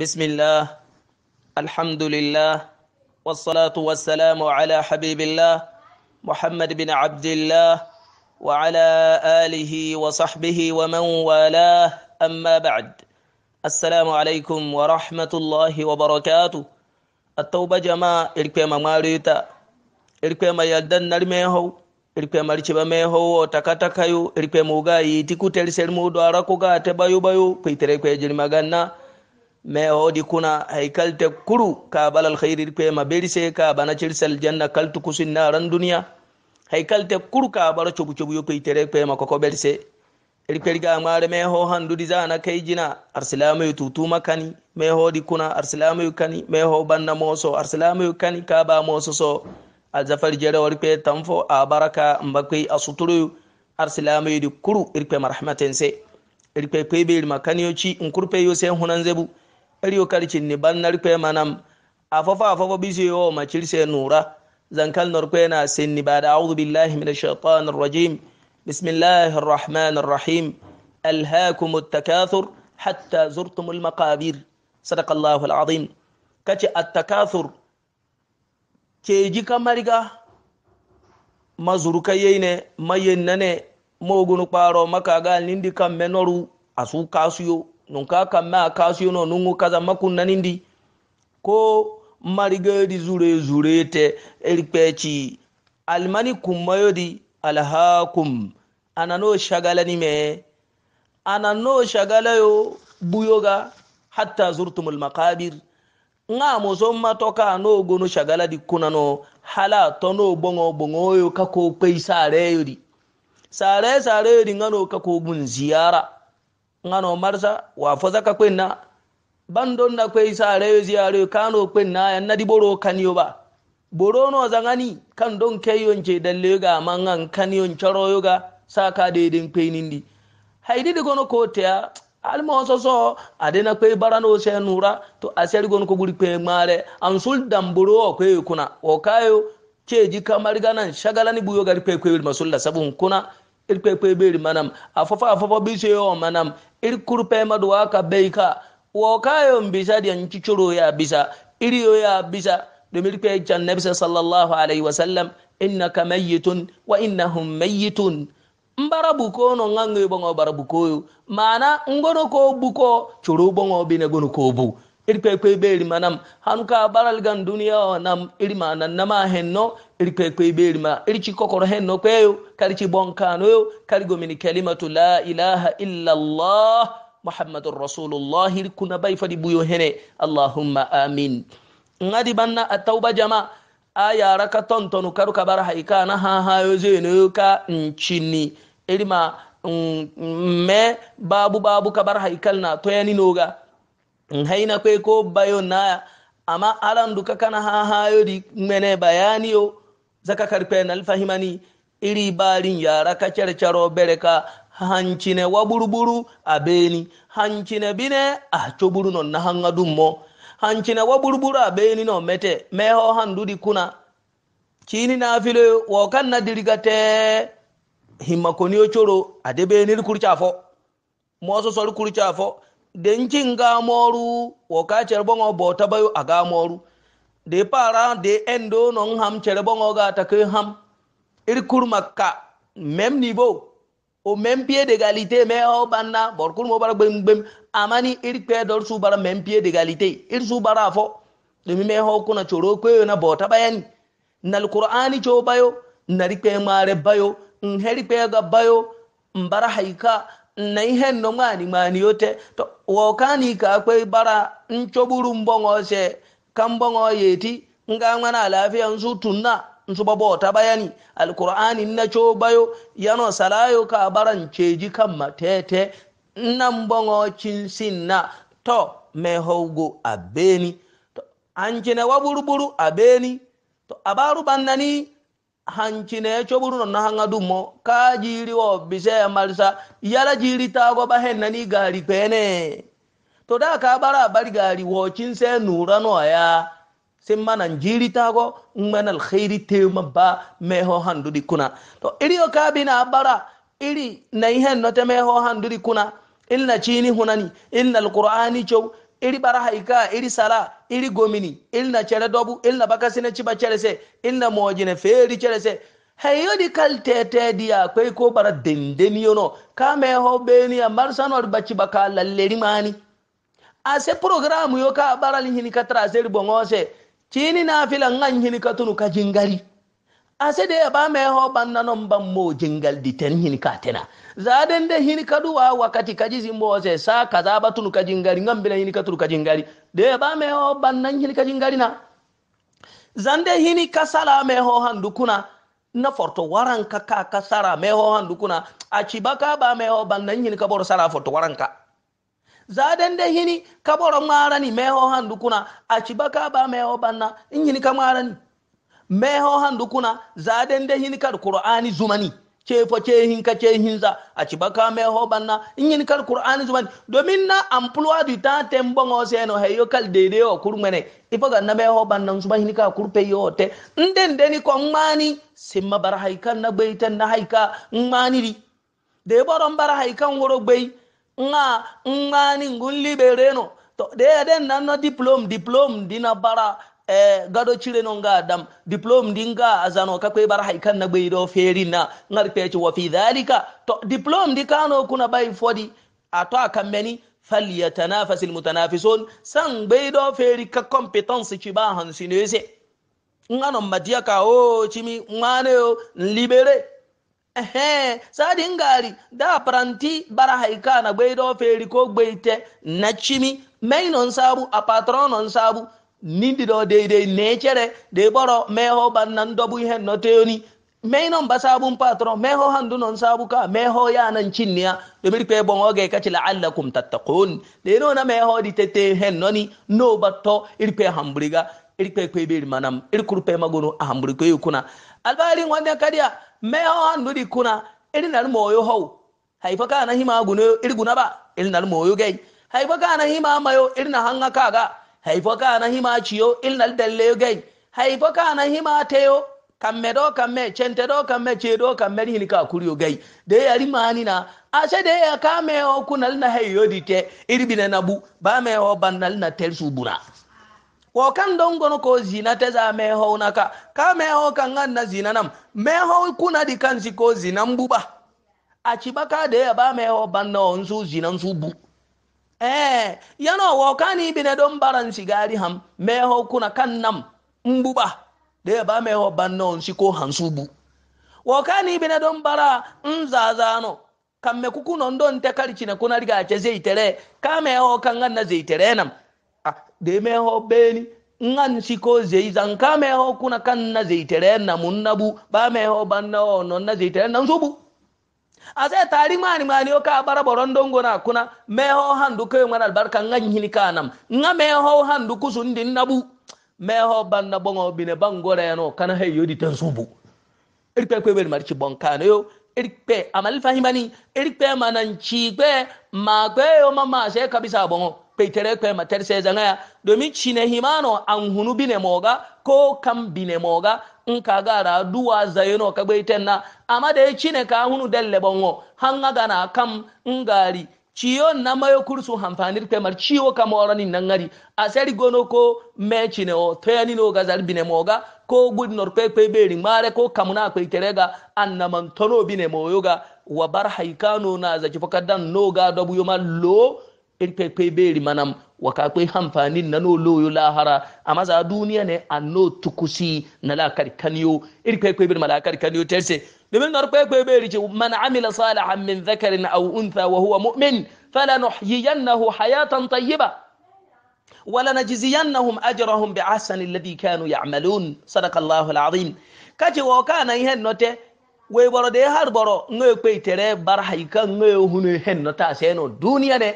بسم الله الحمد لله والصلاة والسلام على حبيب الله محمد بن عبد الله وعلى آله وصحبه ومن والاه أما بعد السلام عليكم ورحمة الله وبركاته التوبة جماعة إلكما ماريتا إلكما يلدن نرميهو إلكما رشبميهو وتكتكيو إلكما وغايتي كتل سلمو دواركو غاتبايو بايو كيتريكو يجرمغانا me hodi kuna haikalte kuru ka balal khairir pe ma ka bana cirsal janna kaltu kusin naran duniya haikalte kuru ka bara cubu cubu kai tere pe ma koko berse irkeriga mare me ho handu zana kai jina arsilamu tutu makani me hodi kuna arsilamu kani me ho banna moso arsilamu kani ka ba moso so aljafar jere wari pe tamfo a baraka mbakai asuturu arsilamu di kuru irpe marhamatense irpe pe be makaniyoci in kurpe yo sen hunan zebu ariyo karcinni ban kwe manam a afafa bise yo ma sai nura zankal nor sin na ba da a'udhu billahi minash shaitanir rajim bismillahir rahmanir rahim alhaakumut takathur hatta zurtumul maqabir sadaqallahu alazim kace at-takathur ke ji kamar ga mazurukaye ne mogunu kparo ga nindi kamme noru asu kasuyo nunka kamme a kasuyono nungu kaza makunnanindi ko marigedi zure zurete erikpeci alimani kummayodi alhakum anano shagalani me anano yo buyoga hatta zurtumul maqabir nga muso matoka no gono shagala di kunano hala to bongo bongo yo kako pei sare di sare sare yodi ngano kako gun ziyara ngano marsa wa fozaka kwenna bandon na kwai sa rayo ziyaro kano kwenna yan na diboro kaniyo ba borono zangani kan don keyon ce dalle ga mangan kaniyon charo ga saka dedin kwenindi haidi de gono kotea alma so so adena kwe barano se nura to aseri gono ko kwe mare ansul damburo kwe kuna o kayo ceji kamar ganan shagalani buyo gari kwe kwe masul kuna irkpekpe beri manam afofa afofa bise yo manam irkuru pema duwa ka beika wo kayo bisa dian ciccoro ya bisa iriyo ya bisa domin irkpe jan nabisa sallallahu alaihi wasallam innaka mayyitun wa innahum mayyitun mbara buko no ngango bongo bara buko mana ngono ko buko churu bongo bine gono ko bu irkwekwe be nam hanka baral gan duniya o nam irima nan nama henno irkwekwe be irima irci kokoro henno kweyo karci bonkano yo kargo min kalimatu la ilaha illa allah muhammadur rasulullah irkuna bai fadi buyo hene allahumma amin ngadi banna atauba jama aya raka tontonu ka bar haika na ha ha yo zeno ka nchini irima mm, me babu babu kabar haikal na toyani noga haina kwe ko bayo naya amma aran duka kana ha hayo di mene bayani yo zaka karfe na alfahimani iri barin yara ka kyarkyaro bere ka hancine wa buruburu a beni hancine bine a coburu non na hanga dummo hancine wa buruburu a beni no mete meho handudi kuna cini na filo wo kan na dirigate himmakoniyo coro ade benir kurcafo moso sor kurcafo denki ngamoru woka cherbongo bota bayo agamoru de para de endo non ham cherbongo ga ta ke ham ir kur makka mem nibo o mem pie de galite me o banna bor kur mo bara gbem gbem amani ir pe dor su bara mem pie de galite ir su bara fo de me ho kuna choro ko na bota bayani nal qur'ani cho bayo nari pe mare bayo ngheri pe ga bayo mbara haika na ihe ndomwani mani yote to wokani ka akwai bara ncoburu mbongo se kan bongo yeti nga ngana lafiya nsu tunna nsu babo ta bayani alqur'ani na yano salayo ka baran ceji kan matete nan bongo cinsinna to mehogo howgo abeni to ancine waburuburu abeni to abaru bannani hankine coɓurnon na hanga dummo ka jiri wo bise marsa yala jiri tago ɓa gari pene to da ka bara bari gari wocinse nuranoya mana jiri tago ŋmenal heyri tema ba meho handuɗi kuna to iriyo kabina ɓara iri na hen note meho handuɗi kuna ilna cini hunani ilna alqur'ani cow iri bara haika iri sala iri gomini iri na chere dobu iri na sine chiba chere se iri na mojine feri chere se di kal tete diya kwe ko bara dendeni yono kame ho beni ya marsano bacci baka lalleri mani a se program yo ka bara hini katra se bongo se chini na fila ngan hini katunu ka jingari asede eɓa meho bannano bammo jengal di ten hin katena zaden de hin kadu wa wakkati kaji simbose sa kazaba tunu kaji ngari gambina hin katunu kaji ngari de eɓa meho bannan hin kaji ngari na zande hini ka sala meho handukuna na forto waranka ka ka sara meho handukuna a ciba ka ɓa meho bannan hin ka boro sala forto waranka zaden de hini ka boro marani meho handukuna a ciba ka ɓa meho banna in hin ka marani meho handu kuna zaden da hin kar qur'ani zumani ke fa ke hin ka ke hin za a ci baka meho banna in yin kar qur'ani zumani domin na emploi du temps tembo ngo se no heyo kal dede o kurmene ifa ga na meho banna su ba hin ka kurpe yo te nden deni ko ngmani simma bar haikan na baitan na haika ngmani ri de boron bar haikan woro bai nga ngmani ngun libereno to de den nan no diplom diplom dina bara E, gado cire no nga dam diplom dinga azano ka kwe bar haikan na bai feri na ngar peci wa fi dhalika to diplom di kano kuna bai fodi ato akammeni falyatanafasil mutanafisun san bai do feri ka competence ci ba hansinese ngano madiya ka o chimi ngane o libere ehe sadin gari da paranti bara haikan na gbaido feri ko gbaite na chimi mainon sabu a patronon sabu nindiɗo deydey necere de ban nan do bu hen no teoni me non ba sabun patron me ho handu non ka me ho chinnia cinniya mi pe bon oge kaci allakum tattaqun de no na me ho di tete hen ni no batto hambriga ir pe pe bir manam pe magunu a hamburga yukuna albarin wanda kadiya me ho handu di kuna irinar moyo ho haifa na hima ir guna ba irinar moyo gai haifa na hima mayo na hanga kaga haifo na hima ciyo ilnal dalle gai haifo kana hima teyo kamme do kamme cente do kamme ce do kamme ni ka kuriyo gai de yari mani na ase de ya kame o kunal na hayo dite irbina nabu ba me o oh, banal oh, na tel ko kan don gono ko zina ta za me ho naka ka me ho kan na zina nam me ho oh, kuna di kan si ko zina mbuba a cibaka da ya ba me ho ban na zina bu eh yano wo kani bine don baran shigari ham meho kuna kan nam mbuba da ba meho bannon shi ko hansubu wo kani bine don bara nzazano kan me kamme kukuno ndon te karcine kuna riga ce zai tere ka meho kan gan na zai tere nam ah de meho beni ngan shi ko zai zan ka meho kuna kan na zai tere na munnabu ba meho banno non na zai tere nan subu a ase tari mani mani o ka bara boron dongo na kuna meho handu koy man albarka nga hini kanam nga meho handu kusundin nabu meho banna bongo bine bangore no kana he yodi tan subu irpe kwe ci marci bonkano yo irpe amal fahimani irpe mananci kwe ma kwe o mama se kabisa bongo peitere kwe materse zangaya domin cine himano an hunu bine moga ko kam bine moga in ka gara duwa zayino ka baiten na amma da cine ka hunu dalle banwo hanga gana kam in gari ciyo na mayo kursu hamfanir kwe mar ciwo ka morani nan ngari gono ko me cine o toyani no gazar bine moga ko gudnor kwe kwe beri mare ko kamuna peitere ga annaman tono bine ga wa bar haikano na zaki fakaddan no ga dabu yoma lo pe pe beri manam waka kwai hamfanin na no loyo lahara a maza duniya ne a tukusi na lakar kaniyo iri kwai kwai birma lakar kaniyo terse domin na kwai kwai beri ce man amila salihan min zakarin aw untha wa huwa mu'min fala nuhyiyannahu hayatan tayyiba wala najziyannahum ajrahum bi ahsani alladhi kanu ya'malun sadaqa allah alazim kaje wa kana ihe note we boro de har boro ngoy kwai tere bar haikan ngoy hunu hen nota seno duniya ne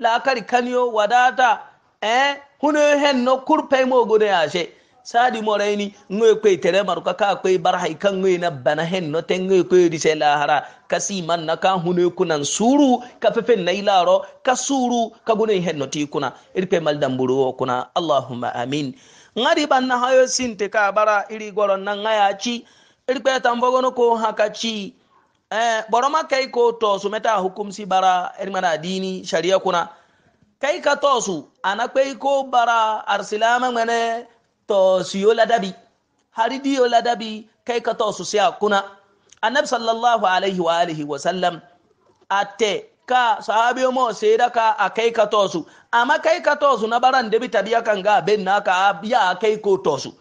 laakari kaniyo wadata eh huno hen no kurpe mo gode yashe sadi moraini ngoy koy tere maru kaka koy barhay kan ngoy na bana hen no ten ngoy koy dise lahara kasi man na kan huno kunan suru ka fefe na ilaro ka suru ka gune hen no ti kuna irpe mal buru kuna allahumma amin ngari ban na hayo sinte ka bara iri goron na ngaya ci irpe tambogono ko hakachi eh, boroma kai ko su meta hukumsi bara ermana dini sharia kuna kai ka su ana kai ko bara arsilama mane tosu yo ladabi di yo ladabi kai ka su siya kuna annabi sallallahu alaihi wa alihi wa sallam ate ka sahabi mo seda ka a kai ka su amma kai ka su na baran debi tabiya kan ga ben naka ya kai ko su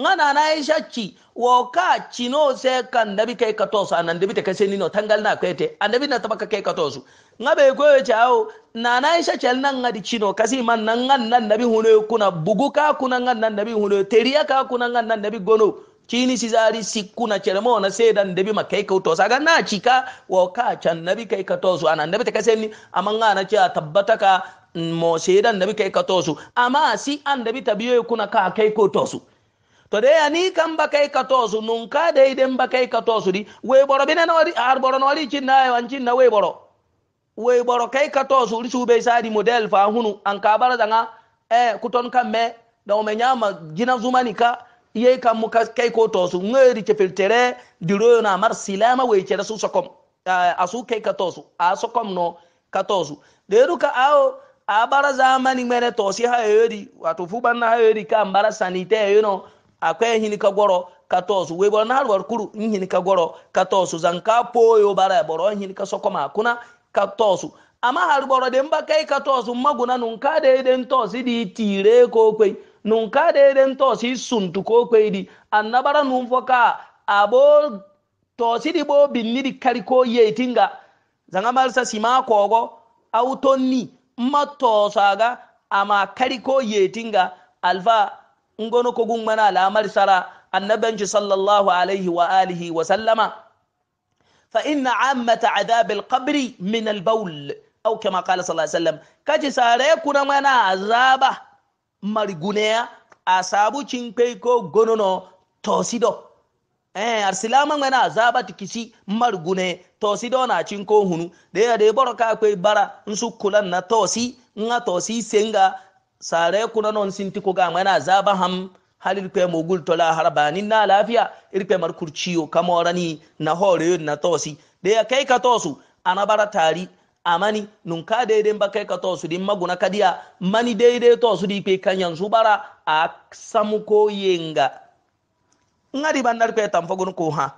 ngana na yi shakki wa ka cino sai kan nabi kai ka tosu anan dabi ta kashe nino tangal na kwete annabi na taba tabaka kai ka tosu ngabe ko ya chawo na na yi shakki nan ngadi cino kasi man nan ngan nan nabi huno kuna bugu ka kuna ngan nan nabi huno teriya ka kuna ngan nan nabi gono cini si zari sikku na ceremo na da dabi ma kai ka tosu ga na cika wa ka can nabi kai ka tosu anan dabi ta kashe ni amma ngana ce tabbata ka mo sedan nabi kai ka tosu amma si an dabi tabiyo kuna ka kai ko tosu to de ani kan bakai ka tosu nun ka de den bakai ka tosu di we boro bina no ri ar boro no ri cin na e an cin na we boro boro kai ka tosu ri sube model fa hunu an ka bara eh kuton me da me nyama gina zumani ka mu kai ko tosu ngeri ke filtere na mar silama ke sokom asu kai ka tosu a sokom no ka tosu awo a bara zamani mene tosi ha yori e wato fuban na ha yori e bara sanite akwai hini ka goro katosu webor na harbar kuru hini ka goro katosu zanka poyo bara boro hini ka sokoma kuna tosu amma harboro de mba kai tosu maguna nun ka de den tosi di tire ko kwai nun ka de den tosi suntu ko kwai di annabara nun foka abo tosi di bo binni di kari ko yetinga zanga marsa sima kogo autoni mma tosaga ama kari ko yetinga alfa ngono ko gun mana lamar sara annabanci sallallahu alaihi wa alihi wa sallama fa inna ammata adabil qabri min al bawl aw kama qala sallallahu alaihi wasallam kaji sare kuna mana azaba marguneya asabu cinpe ko gonono tosido eh arsilama mana azaba tikisi margune tosido na cinko hunu de ya de boroka kwe bara nsukulan na tosi nga tosi senga sare na non sinti ko ga mana zaba ham halir pe mogul tola harbani na lafiya pe mar kurciyo kamorani na hore na tosi de ya kai ka tosu ana bara tari amani nun ka daidai ba kai ka tosu din maguna kadiya mani daidai tosu di pe kanyan su bara a samu ko yenga ngari bandar pe tamfagun ko ha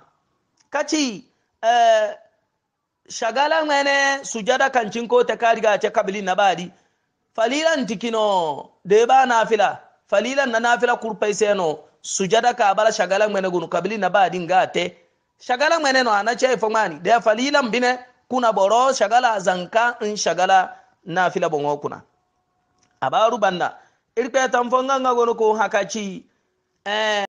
kaci eh shagala mene sujada kancin ko ta kariga ce kabili na badi falilan tikino de ba nafila falilan na nafila kurpai seno sujada ka bala shagalan mene gunu kabili na ba dinga te shagalan mene no ana ce mani de falilan bine kuna boro shagala zanka in shagala nafila bongo kuna abaru banda irpe tan ngagonu ko hakachi eh